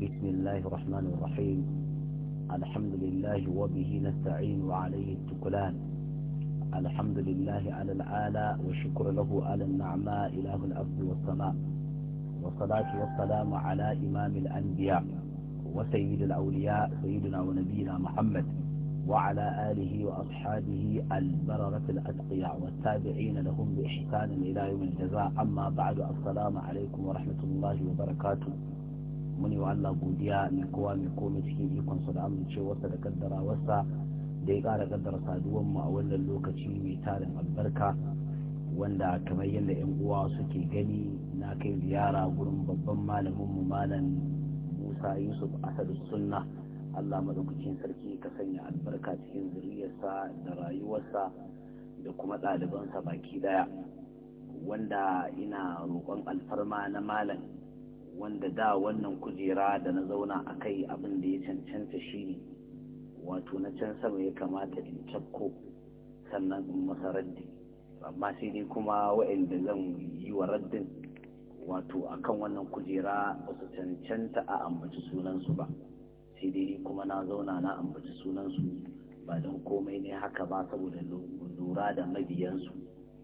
بسم الله الرحمن الرحيم الحمد لله وبه نستعين وعليه التكلان الحمد لله على العالى والشكر له على النعماء إله الأرض والسماء والصلاة والسلام على إمام الأنبياء وسيد الأولياء سيدنا ونبينا محمد وعلى آله وأصحابه البررة الأتقياء والتابعين لهم بإحسان إلى يوم الجزاء أما بعد السلام عليكم ورحمة الله وبركاته muni wa Allah godiya mai kowa mai komai cikin ikonsa da amincewarsa da kaddarawarsa da ya kara kaddara saduwan mu a wannan lokaci mai tarin albarka wanda kamar yadda yan uwa suke gani na kai ziyara gurin babban malamin mu malam Musa Yusuf Asadu Sunna Allah madaukakin sarki ka sanya albarka cikin zuriyarsa da rayuwarsa da kuma ɗalibansa baki daya wanda ina roƙon alfarma na malam wanda da wannan kujera da na zauna a kai abin da ya cancanta shi ne wato na can sama ya kamata in cakko sannan in masa raddi amma sai dai kuma wa'inda zan yi wa raddin wato akan wannan kujera ba su cancanta a ambaci sunansu ba sai dai kuma na zauna na ambaci sunansu ba don komai ne haka ba saboda lura da mabiyansu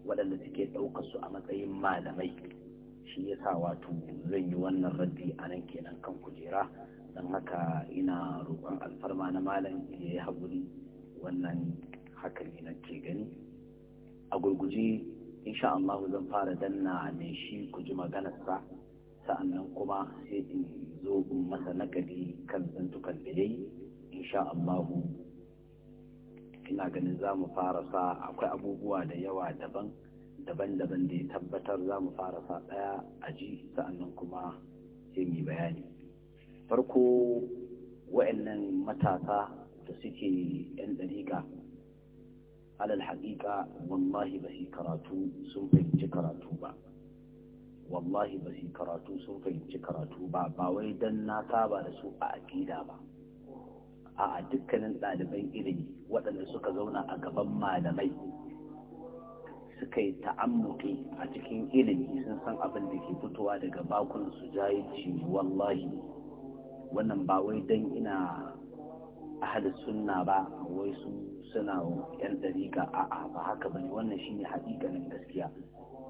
waɗanda suke ɗauka su a matsayin malamai shi ya sa wato zan yi wannan raddi a nan kenan kan kujera don haka ina roƙon alfarma na malam ya yi haƙuri wannan haka ne ke gani a gurguje insha Allah zan fara danna mai shi ku ji maganarsa nan kuma sai in zo in masa nagari kan zantukan da ya yi insha Allah ina ganin za mu fara sa akwai abubuwa da yawa daban daban-daban da ya tabbatar za mu fara sa ɗaya a ji sa'annan kuma sai mu bayani farko wa'annan matasa da suke 'yan ɗariƙa alal haƙiƙa wallahi ba su karatu sun fahimci karatu ba wallahi ba su karatu sun fahimci karatu ba ba wai na saba da su a aƙida ba a dukkanin ɗaliban ilimi waɗanda suka zauna a gaban malamai suka yi ta'ammuki a cikin ilimi sun san abin da ke fitowa daga bakunan su jayici wallahi wannan ba wai dan ina ahli sunna ba wai su suna yan a a'a ba haka bane wannan shine haƙiƙanin gaskiya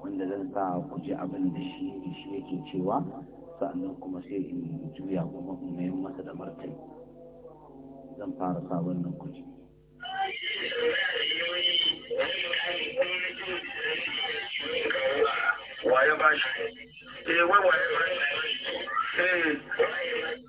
wanda zan sa ku ji abin da shi shi yake cewa sa'annan kuma sai in juya kuma in masa da martani zan fara sa wannan kuji wàyọ́ báyìí. Ee wẹ́wàá ẹ̀rọ. Ee.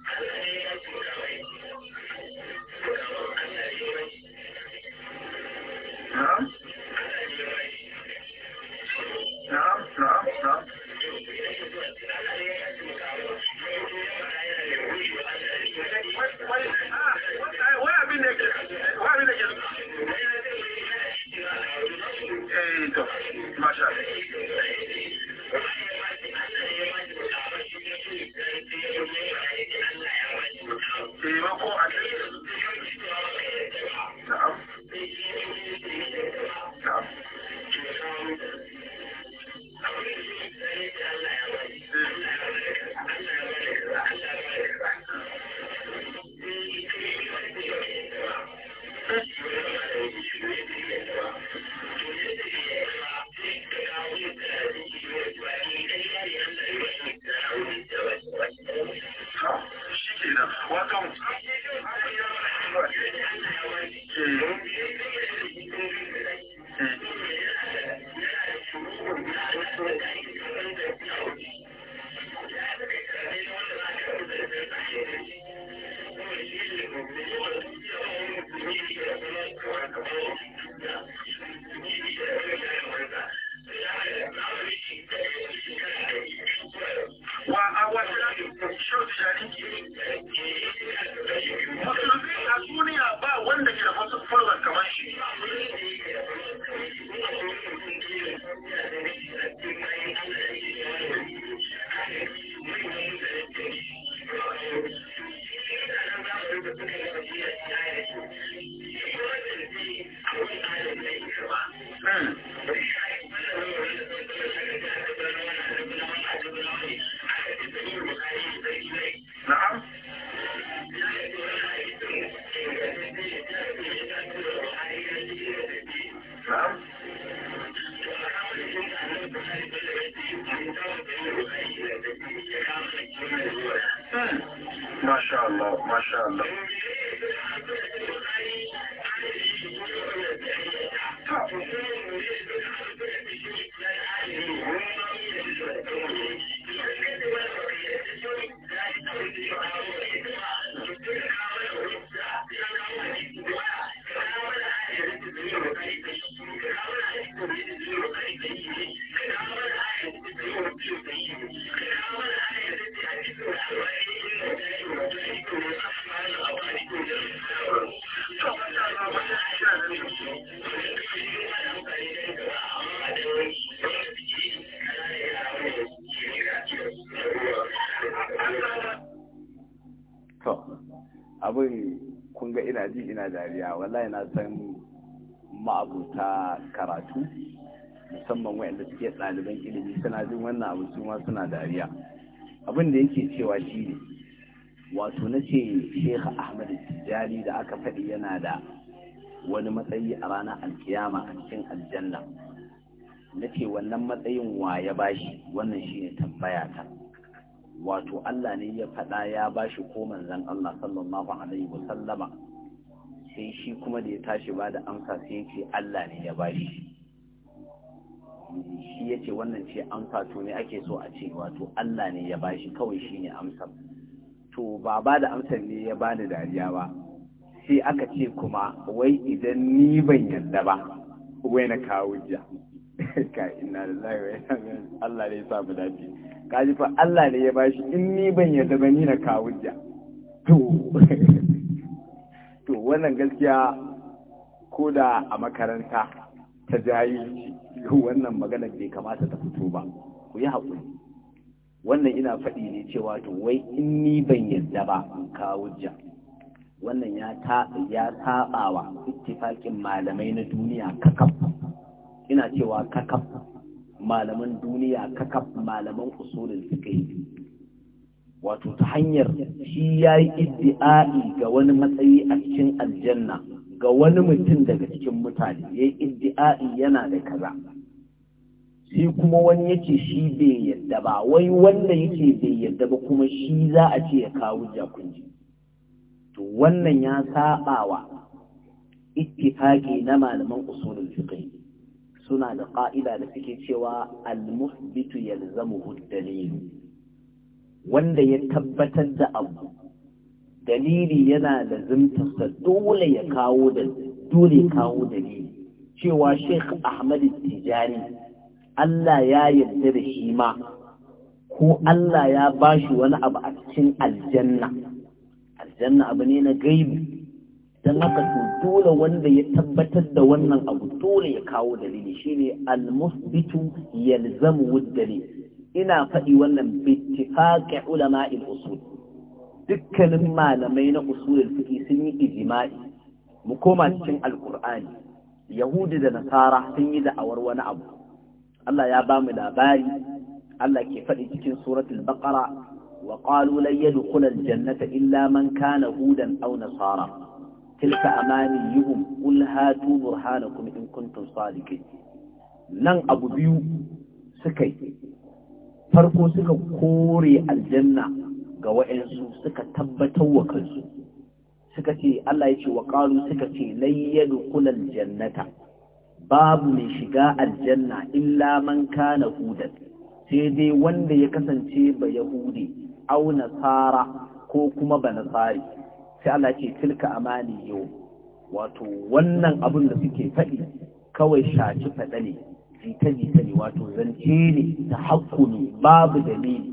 ina ina dariya wallahi na san ma'abuta karatu musamman wa'anda suke ɗaliban ilimi suna jin wannan abu su ma suna dariya abin da yake cewa shi ne wato na ce shekha ahmad tijjani da aka faɗi yana da wani matsayi a ranar alkiyama a cikin aljanna na ce wannan matsayin wa ya bashi wannan shi ne tambaya ta wato Allah ne ya faɗa ya bashi ko manzan Allah sallallahu alaihi wasallama sai shi kuma da ya tashi ba da amsa sai ya ce Allah ne ya ba shi shi ya ce wannan ce amsa to ne ake so a ce wato Allah ne ya ba shi kawai shi ne amsa to ba ba da amsa ne ya ba da dariya ba sai aka ce kuma wai idan ni ban yarda ba wai na kawo jiya ka ina da zai Allah ne ya sa mu dace kaji fa Allah ne ya bashi in ni ban yarda ba ni na kawo jiya to wannan gaskiya ko da a makaranta ta jayi wannan maganar bai kamata ta fito ba ku yi haƙuri wannan ina faɗi ne cewa to wai in ni ban yarda ba in kawo hujja wannan ya ta ya sabawa ittifaqin malamai na duniya kakaf ina cewa kakaf malaman duniya kakaf malaman usulin fiqh wato ta hanyar shi ya yi iddi'a'i ga wani matsayi a cikin aljanna ga wani mutum daga cikin mutane ya yi iddi'a'i yana da kaza sai kuma wani yake shi bai yadda ba wai wanda yake bai yadda ba kuma shi za a ce ya kawo jakunji to wannan ya wa ittifaqi na malaman usulul fiqh suna da ƙa'ida da suke cewa al-muhbitu yalzamuhu dalil wanda ya tabbatar da abu dalili yana da zimtarsa dole ya kawo da dole kawo dalili cewa Sheikh Ahmad tijari Allah ya yarda da shi ma ko Allah ya bashi wani abu a cikin aljanna aljanna abu ne na gaibi dan haka to dole wanda ya tabbatar da wannan abu dole ya kawo dalili shine al-musbitu yalzamu dalil ina faɗi wannan bittifaƙi ulama'il usul dukkanin malamai na usulul fiqh sun yi ijma'i mu koma cikin alqur'ani yahudi da nasara sun yi da'awar wani abu Allah ya ba mu labari Allah ke faɗi cikin suratul baqara wa qalu lan yadkhula aljannata illa man kana hudan aw nasara tilka amaniyuhum qul hatu burhanakum in kuntum sadiqin nan abu biyu suka yi farko suka kore aljanna ga wa'yansu suka tabbatar wa kansu suka ce Allah ya ce wa suka ce layyadu kulal jannata babu mai shiga aljanna illa man kana hudan sai dai wanda ya kasance ba yahudi au nasara ko kuma ba nasari sai Allah ce tilka amani yau wato wannan abin da suke faɗi kawai shaci faɗa ne jita-jita ne wato zance ne ta haƙƙo ne babu dalili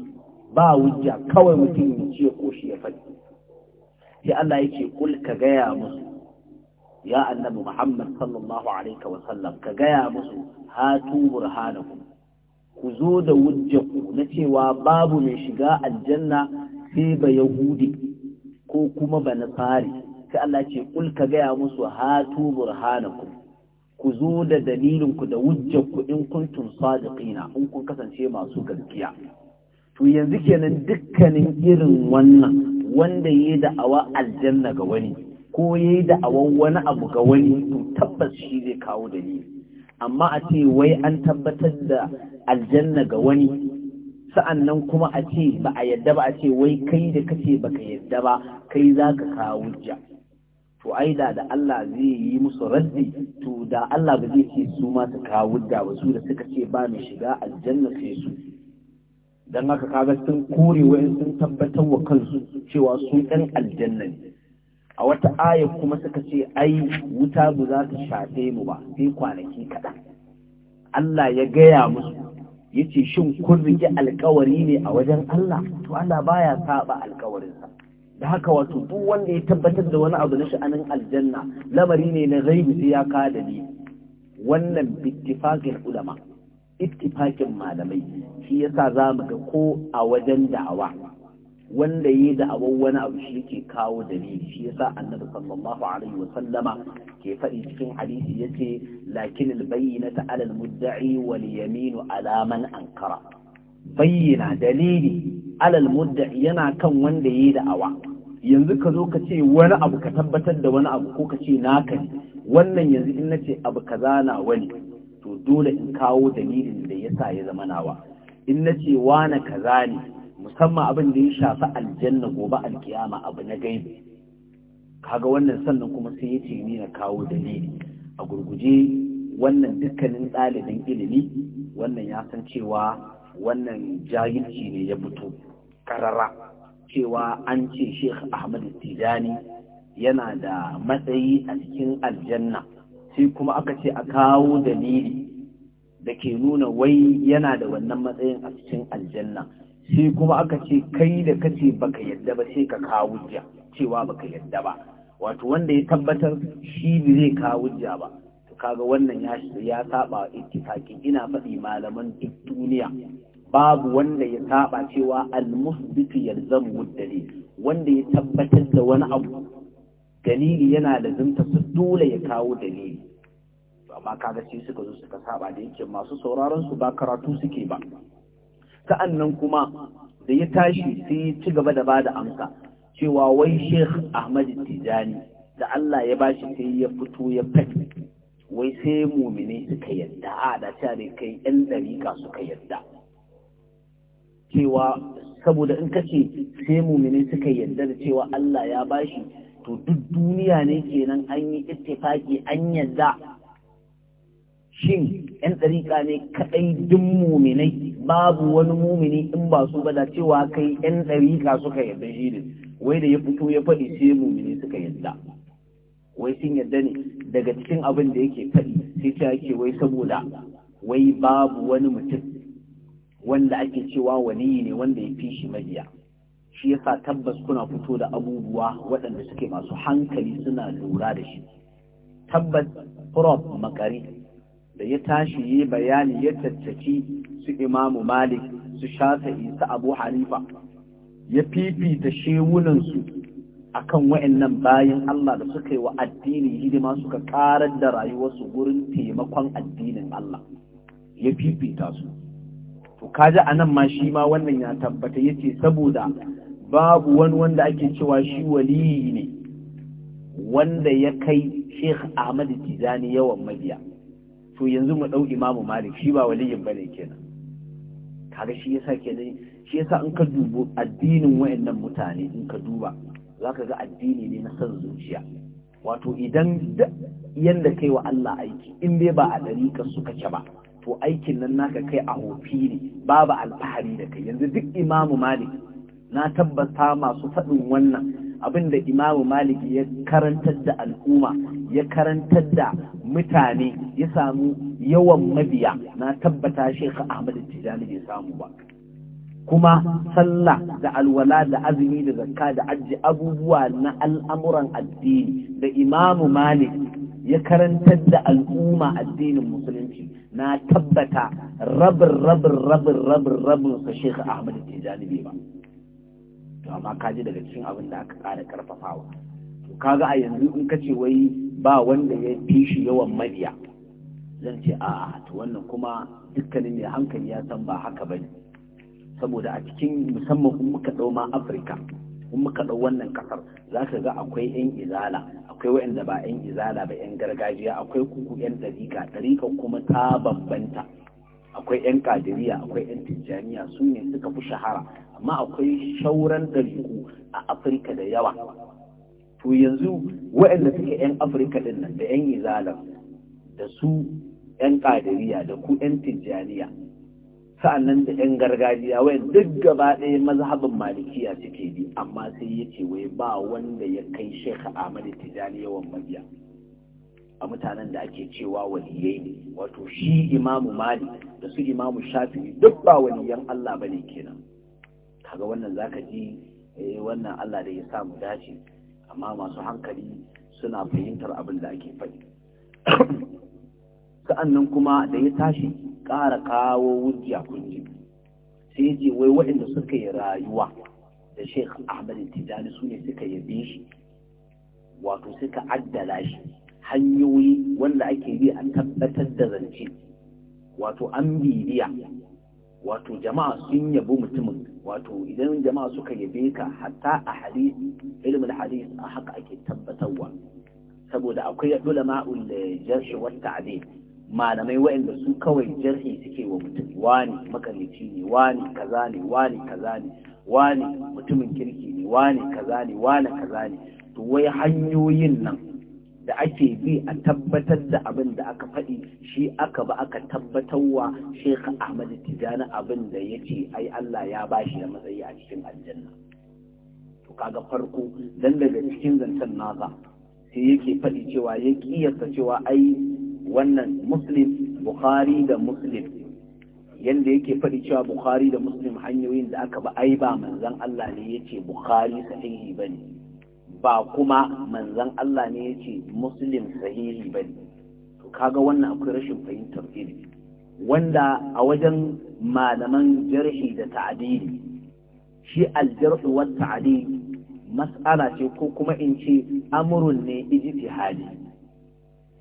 ba wujja kawai mutum ya ce ko shi ya faɗi sai Allah ce ƙul ka gaya musu ya annabi Muhammad sallallahu alaihi wa sallam ka gaya musu tubur hanaku ku zo da ku na cewa babu mai shiga aljanna sai ba yahudi ko kuma ba fari sai Allah ce ƙul ka gaya musu tubur hanaku ku zo da dalilinku da ku in kuntum sadiqina in kun kasance masu gaskiya to yanzu kenan dukkanin irin wannan wanda yayi da'awa aljanna ga wani ko yayi da'awan wani abu ga wani to tabbas shi zai kawo dalili amma a ce wai an tabbatar da aljanna ga wani sa'annan kuma a ce ba a yadda ba a ce wai kai da kace baka yadda ba kai za ka kawo hujja to ai da Allah zai yi musu raddi to da Allah ba zai ce su ma su kawo da wasu da suka ce ba mai shiga aljanna sai su dan haka kaga sun kore wayan sun tabbatar wa kansu cewa su dan aljanna ne a wata aya kuma suka ce ai wuta ba za ta shafe mu ba sai kwanaki kaɗan Allah ya gaya musu yace shin kun rike alkawari ne a wajen Allah to Allah baya saba alkawarinsa da haka wato duk wanda ya tabbatar da wani abu na sha'anin aljanna lamari ne na zai sai ya ka ni. wannan bittifaqin ulama ittifaqin malamai shi yasa zamu ga ko a wajen da'awa wanda yi da'awar wani abu shi ke kawo dalili shi yasa annabi sallallahu alaihi wa sallama ke faɗi cikin hadisi yace lakin albayyinata ala mudda'i wal yaminu ala man ankara bayyana dalili ala mudda'i yana kan wanda yi da'awa yanzu ka zo ka ce wani abu ka tabbatar da wani abu ko ka ce naka ne wannan yanzu in nace abu kaza na wani to dole in kawo dalilin da yasa ya zama nawa in nace wani kaza ne musamman abin da ya shafi aljanna gobe alkiyama abu na gaibi kaga wannan sannan kuma sai ya ce ni na kawo dalili a gurguje wannan dukkanin ɗalibin ilimi wannan ya san cewa wannan jahilci ne ya fito karara cewa an ce Sheikh Ahmad Tijani yana da matsayi a cikin aljanna sai kuma aka ce a kawo dalili da ke nuna wai yana da wannan matsayin a cikin aljanna sai kuma aka ce kai da kace baka yadda ba sai ka kawo hujja cewa baka yadda ba wato wanda ya tabbatar shi ne zai kawo hujja ba kaga wannan ya ya saba ittifaqi ina faɗi malaman duk duniya babu wanda ya saba cewa al-musbitu yalzamu dalil wanda ya tabbatar da wani abu dalili yana da su dole ya kawo dalili amma kaga sai suka zo suka saba da yake masu sauraron su ba karatu suke ba sa'annan kuma da ya tashi sai ya ci gaba da bada amsa cewa wai Sheikh Ahmad Tijani da Allah ya bashi sai ya fito ya fadi wai sai mumine suka yadda a da ta kai yan dariƙa suka yadda cewa saboda in kace sai mumini suka yarda da cewa Allah ya bashi to duk duniya ne kenan an yi ittifaki an yarda shin yan tsarika ne kaɗai duk muminai babu wani mumini in ba su ba da cewa kai yan tsarika suka yarda shi ne wai da ya fito ya faɗi sai mumini suka yarda wai sun yarda ne daga cikin abin da yake faɗi sai ta yake wai saboda wai babu wani mutum wanda ake cewa waliyi ne wanda ya fi shi mabiya shi yasa tabbas kuna fito da abubuwa waɗanda suke masu hankali suna lura da shi tabbas prof makari da ya tashi yi bayani ya tattaki su imamu malik su shafi'i su abu hanifa ya fifita shewunansu akan wa'annan bayan Allah da suka yi wa addini hidima suka karar da rayuwarsu gurin taimakon addinin Allah ya fifita su kaji a nan ma shi ma wannan ya tabbata ya ce saboda babu wani wanda ake cewa shi waliyi ne wanda ya kai sheikh ahmad tijani yawan mabiya to yanzu mu ɗau imamu malik shi ba waliyin ba ne kenan kaga shi yasa kenan shi yasa in ka dubo addinin wayannan mutane in ka duba zaka ga addini ne na san zuciya wato idan yanda kai wa Allah aiki in dai ba a ɗari ka suka ce ba to aikin nan naka kai a hofi ne babu alfahari da kai yanzu duk imamu malik na tabbata masu faɗin wannan abin da imamu malik ya karantar da al'umma ya karantar da mutane ya samu yawan mabiya na tabbata shekha ahmad tijani bai samu ba kuma sallah da alwala da azumi da zakka da ajiye abubuwa na al'amuran addini da imamu malik ya karantar da al'umma addinin musulunci na tabbata rabin rabin rabin rabin rabin ka Sheikh ahmadu ke janibi ba to amma ka ji daga cikin abin da aka kara karfafawa to kaga a yanzu in ka ce wai ba wanda ya fi shi yawan mabiya zan ce a'a to wannan kuma dukkanin mai hankali ya san ba haka ba ne. saboda a cikin musamman kuma muka ɗau ma Afirka in muka ɗau wannan kasar za ka ga akwai 'yan izala akwai waɗanda ba 'yan izala ba 'yan gargajiya akwai kuku 'yan ɗariƙa ɗariƙa kuma ta bambanta akwai 'yan kadiriya akwai 'yan tijjaniya su ne suka fi shahara amma akwai shauran ɗariƙu a afirka da yawa to yanzu waɗanda suke 'yan afirka ɗin nan da 'yan izalar da su 'yan kadiriya da ku 'yan tijjaniya sa'annan da yan gargajiya wai duk gaba ɗaya mazhabin malikiya suke bi amma sai ya ce wai ba wanda ya kai shekha ahmad tijani yawan mabiya a mutanen da ake cewa waliyai ne wato shi imamu malik da su imamu shafi'i duk ba waliyan allah bane kenan kaga wannan zaka ji eh, wannan allah da ya sa mu dace amma masu hankali suna fahimtar abin da ake faɗi nan kuma da ya tashi ƙara kawo wujiya kunji sai ya ce wai waɗanda suka yi rayuwa da Sheikh Ahmad Tijani su ne suka yabe shi wato suka addala shi hanyoyi wanda ake bi a tabbatar da zance wato an bibiya wato jama'a sun yabi mutumin wato idan jama'a suka yabe ka hatta a hadisi ilimin a haka ake tabbatarwa saboda akwai ulama ul jarh wa ta'dil malamai waɗanda su kawai jarhi suke wa mutum wani makamici ne wani kaza ne wani kaza ne wani mutumin kirki ne wani kaza ne wani kaza ne to wai hanyoyin nan da ake bi a tabbatar da abin da aka faɗi shi aka ba aka tabbatar wa shekha Ahmad Tijani abin da ya ce ai Allah ya bashi da matsayi a cikin aljanna to kaga farko dan daga cikin zancen nasa sai yake faɗi cewa ya kiyasta cewa ai wannan muslim bukhari da muslim yanda yake faɗi cewa bukhari da muslim hanyoyin da aka ba ai ba manzan Allah ne yace bukhari sahihi bane ba kuma manzan Allah ne yace muslim sahihi bane to kaga wannan akwai rashin fahimtar ilimi wanda a wajen malaman jarhi da ta'adili shi aljarhu wa ta'adili mas'ala ce ko kuma in ce amrun ne ijtihadi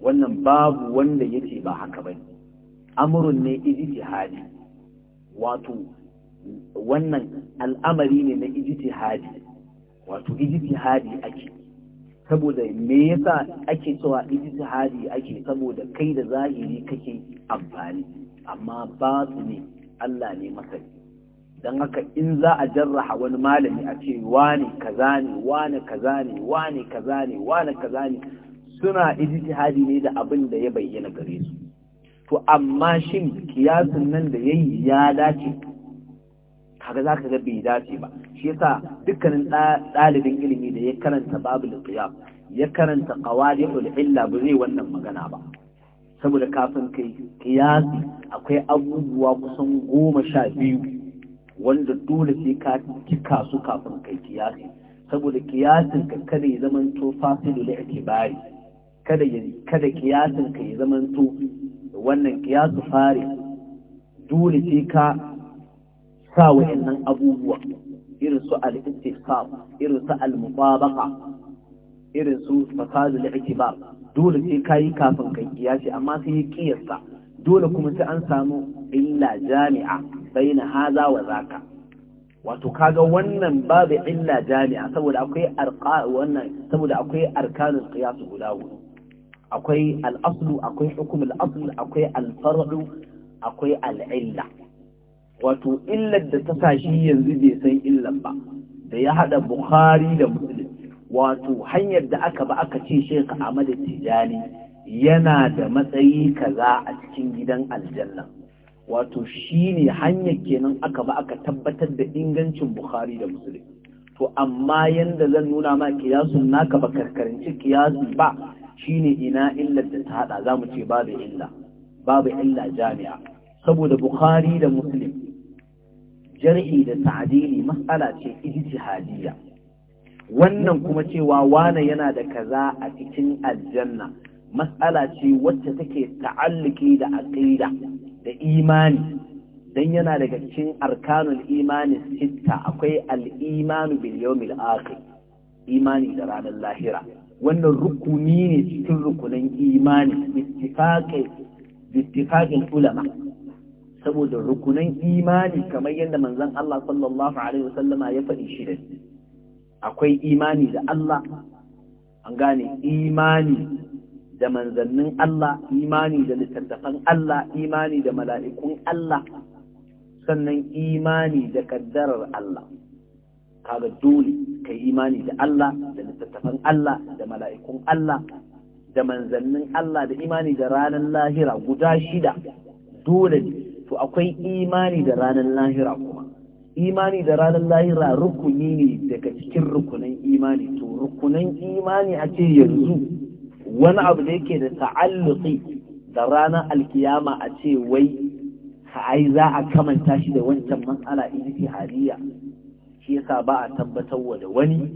wannan babu wanda yace ba haka bane Amurin ne ijtihadi wato wannan al'amari ne na ijtihadi wato ijtihadi ake saboda me yasa ake cewa ijtihadi ake saboda kai da zahiri kake amfani amma su ne Allah ne masani don haka in za a jarraha wani malami a ce wane kaza ne wane kaza ne wane kaza ne wane kaza ne suna ijtihadi ne da abin da ya bayyana gare su to amma shin kiyasin nan da yayi ya dace kaga zaka ga bai dace ba shi yasa dukkanin dalibin ilimi da ya karanta babul qiyam ya karanta qawaidul illa ba zai wannan magana ba saboda kafin kai kiyasi akwai abubuwa kusan goma sha biyu wanda dole sai ka cika su kafin kai kiyasi saboda kiyasin ka kada ya zama to ake bari. kada kada kiyasin ka ya zamanto wannan kiyasu fare dole sai ka sa wa'annan abubuwa irin su al-istifsar irin su al-mutabaqa irin su fasadul i'tibar dole sai ka yi kafin kai kiyasi amma sai ya kiyasta dole kuma sai an samu illa jami'a bai na haza wa zaka wato kaga wannan babu illa jami'a saboda akwai arqa wannan saboda akwai arkanul qiyas guda hudu akwai al'aslu akwai hukum al'aslu akwai alfar'u akwai al'illa wato illar da ta sashi yanzu bai san illar ba da ya haɗa bukhari da muslim wato hanyar da aka ba aka ce shekha ahmad tijani yana da matsayi kaza a cikin gidan aljanna wato shine hanyar kenan aka ba aka tabbatar da ingancin bukhari da muslim to amma yanda zan nuna ma kiyasun naka ba karkarance kiyasu ba shine ina illar da ta hada zamu ce babu illa babu illa jami'a saboda bukhari da muslim jar'i da ta'dili mas'ala ce ijtihadiyya wannan kuma cewa wane yana da kaza a cikin aljanna mas'ala ce wacce take ta'alluki da aqida da imani dan yana daga cikin arkanul imani Sita, akwai al-imanu bil yawmil akhir imani da ranar lahira wannan rukuni ne cikin rukunan imani bittifaƙin ulama saboda rukunan imani kamar yadda manzon Allah sallallahu alaihi wasallama ya faɗi shi da akwai imani da Allah an gane imani da manzannin Allah imani da littattafan Allah imani da mala'ikun Allah sannan imani da ƙaddarar Allah kaga dole ka yi imani da Allah da littattafan Allah da mala'ikun Allah da manzannin Allah da imani da ranar lahira guda shida dole ne to akwai imani da ranar lahira kuma imani da ranar lahira rukuni ne daga cikin rukunan imani to rukunan imani a ce yanzu wani abu da yake da ta'alluki da ranar alkiyama a ce wai ai za a kamanta shi da wancan matsala ijtihadiyya shi yasa ba a tabbatar wa da wani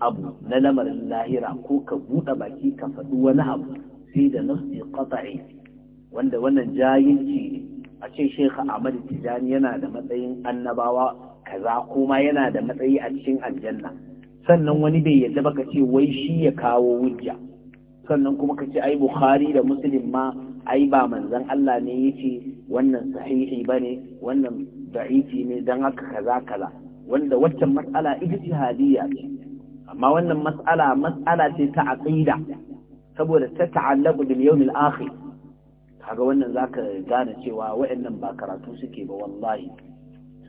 abu na lamarin lahira ko ka buɗe baki ka faɗi wani abu sai da nafsi qata'i wanda wannan jayinci ne a ce Sheikh Ahmad Tijani yana da matsayin annabawa kaza kuma yana da matsayi a cikin aljanna sannan wani bai yadda baka ce wai shi ya kawo wuja. sannan kuma ka ce ai Bukhari da Muslim ma ai ba manzon Allah ne yace wannan sahihi bane wannan da'ifi ne dan haka kaza kaza wanda waccan matsala ijtihadiyya ce amma wannan matsala, matsala ce ta aqida saboda ta ta'allaku bil yawmil akhir kaga wannan zaka gane cewa wayannan ba karatu suke ba wallahi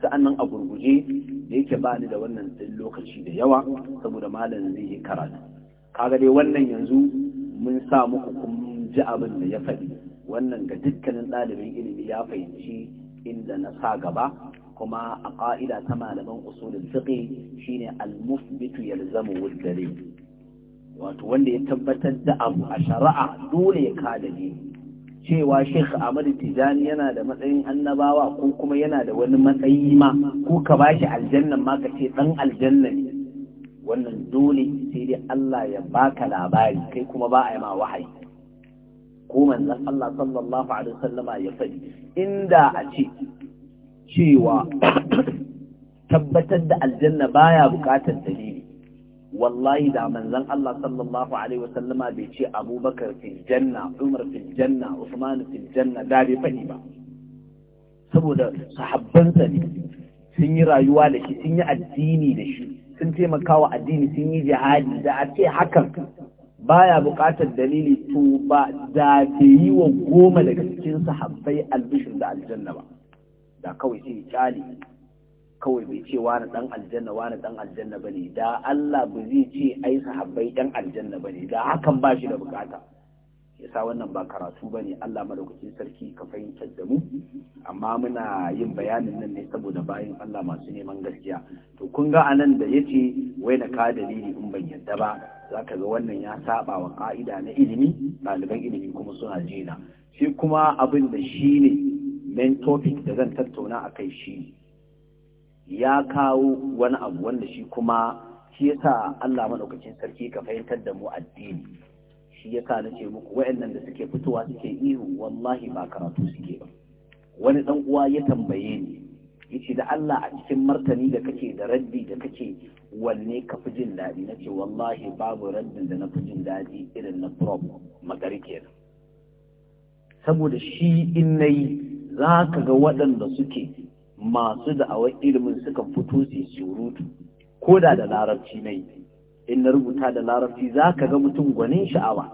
sa'annan a gurguje da yake ba ni da wannan din lokaci da yawa saboda malam zai yi karatu kaga dai wannan yanzu mun sa muku kun ji abin da ya faɗi wannan ga dukkanin ɗalibin ilimi ya fahimci inda na sa gaba kuma a ƙa'ida ta malaman usulul fiqh shine al-musbitu yalzamu wal-dalil wato wanda ya tabbatar da abu a shari'a dole ya kada ne cewa Sheikh Ahmadu Tijani yana da matsayin annabawa ko kuma yana da wani matsayi ma ko ka bashi aljannan ma ka ce dan aljanna ne wannan dole sai dai Allah ya baka labari kai kuma ba a yi ma wahayi ko manzon Allah sallallahu alaihi wasallama ya faɗi inda a ce cewa tabbatar da aljanna baya bukatar dalili wallahi da manzon Allah sallallahu alaihi wasallama bai ce Abubakar fil janna Umar fil janna Usman fil janna da bai fadi ba saboda sahabbansa ne sun yi rayuwa da shi sun yi addini da shi sun taimaka wa addini sun yi jihadi da a ce hakan baya buƙatar dalili to ba da bai yi wa goma daga cikin sahabbai albishir da aljanna ba da kawai sai kyale kawai bai ce wani dan aljanna wani dan aljanna bane da Allah ba zai ce ai sahabbai dan aljanna bane da hakan ba shi da bukata yasa wannan ba karatu bane Allah madaukakin sarki ka fahimtar da mu amma muna yin bayanin nan ne saboda bayin Allah masu neman gaskiya to kun ga anan da yace wai na ka dalili in ban yadda ba zaka ga wannan ya saba wa ka'ida na ilimi ɗaliban ilimi kuma suna jina shi kuma abin da shi ne main topic da zan tattauna a kai shi ya kawo wani abu wanda shi kuma shi ya sa Allah maɗaukacin sarki ka fahimtar da mu addini shi ya sa na ce muku wa'annan da suke fitowa suke ihu wallahi ba karatu suke ba wani ɗan uwa ya tambaye ni yace da Allah a cikin martani da kake da raddi da kake wanne ka fi jin daɗi na ce wallahi babu raddin da na fi jin daɗi irin na prob magari saboda shi in na yi. za ka ga waɗanda suke masu da'awar ilimin suka fito su surutu ko da da larabci na in na rubuta da larabci za ka ga mutum gwanin sha'awa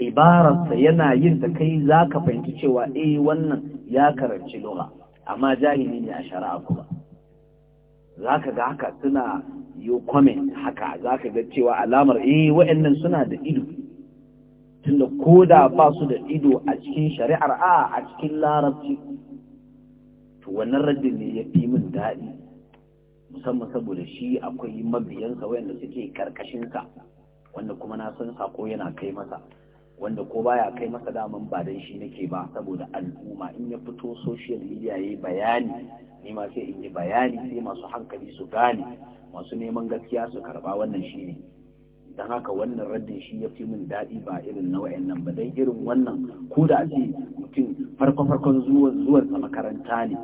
ibararsa yana yin da kai za ka fahimci cewa eh wannan ya karanci lura amma jahili ne a shari'a kuma za ka ga haka suna yi comment haka za ka ga cewa alamar eh wa'annan suna da ido ko da ba su da ido a cikin shari'ar a a cikin larabci to wannan raddin ne ya fi min daɗi musamman saboda shi akwai mabiyansa wayanda suke karkashinsa wanda kuma na san sako yana kai masa wanda ko baya kai masa daman ba dan shi nake ba saboda al'umma in ya fito social media yayi bayani ni ma sai in yi bayani sai masu hankali su gane masu neman gaskiya su karba wannan shine don haka wannan raddin shi ya fi min daɗi ba irin na wayannan ba dan irin wannan ko da ce mutum farko farkon zuwan zuwan makaranta ne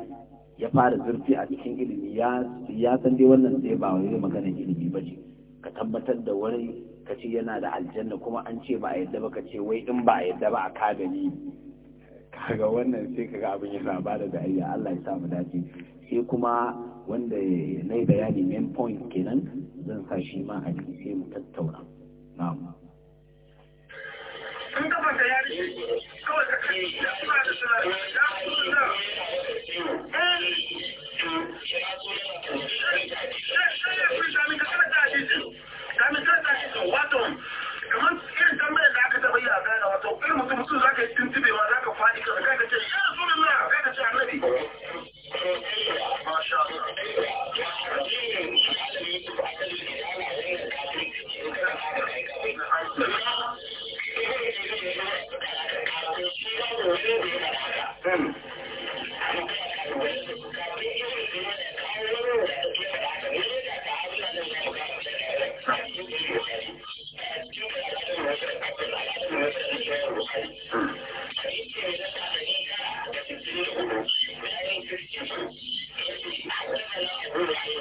ya fara zurfi a cikin ilimi ya san dai wannan sai ba wai magana ilimi ba ce ka tabbatar da wani ka yana da aljanna kuma an ce ba a yadda ba kace wai in ba a yadda ba a gani kaga wannan sai kaga abin yana ba da ayya Allah ya sa mu dace sai kuma wanda na bayani main point kenan shi ma hadisi sai mu tattauna na'am Thank you.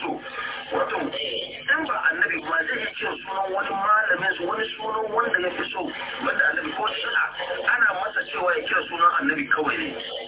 so wato idan ba annabi ba zai iya cewa sunan wani malamin su wani sunan wanda ya fi so wanda annabi ko ana masa cewa ya kira sunan annabi kawai ne